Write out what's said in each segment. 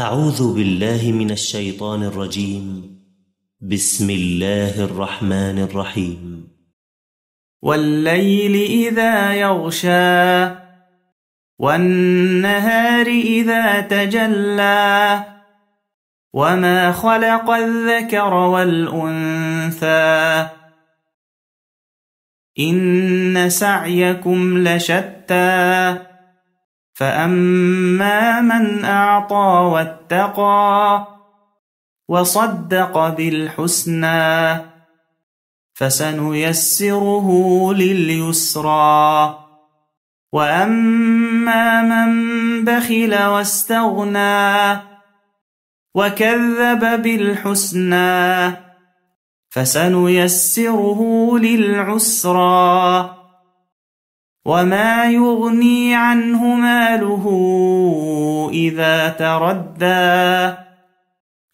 أعوذ بالله من الشيطان الرجيم بسم الله الرحمن الرحيم والليل إذا يغشى والنهار إذا تجلى وما خلق الذكر والأنثى إن سعيكم لشتى فأما من أعطى واتقى وصدق بالحسنى فسنيسره لليسرى وأما من بخل واستغنى وكذب بالحسنى فسنيسره للعسرى وما يغني عنه ماله إذا تردى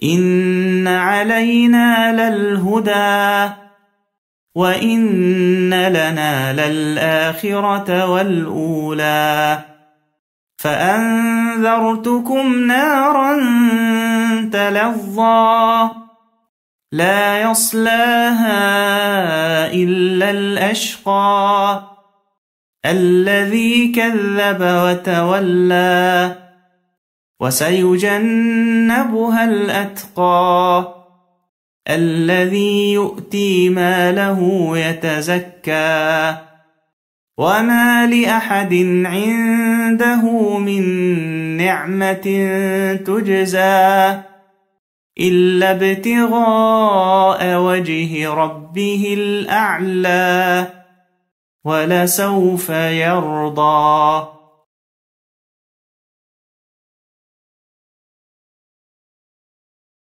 إن علينا للهدى وإن لنا للآخرة والأولى فأنذرتكم نارا تلظى لا يصلاها إلا الأشقى الذي كذب وتولى وسيجنبها الأتقى الذي يؤتي ماله يتزكى وما لأحد عنده من نعمة تجزى إلا ابتغاء وجه ربه الأعلى ولسوف يرضى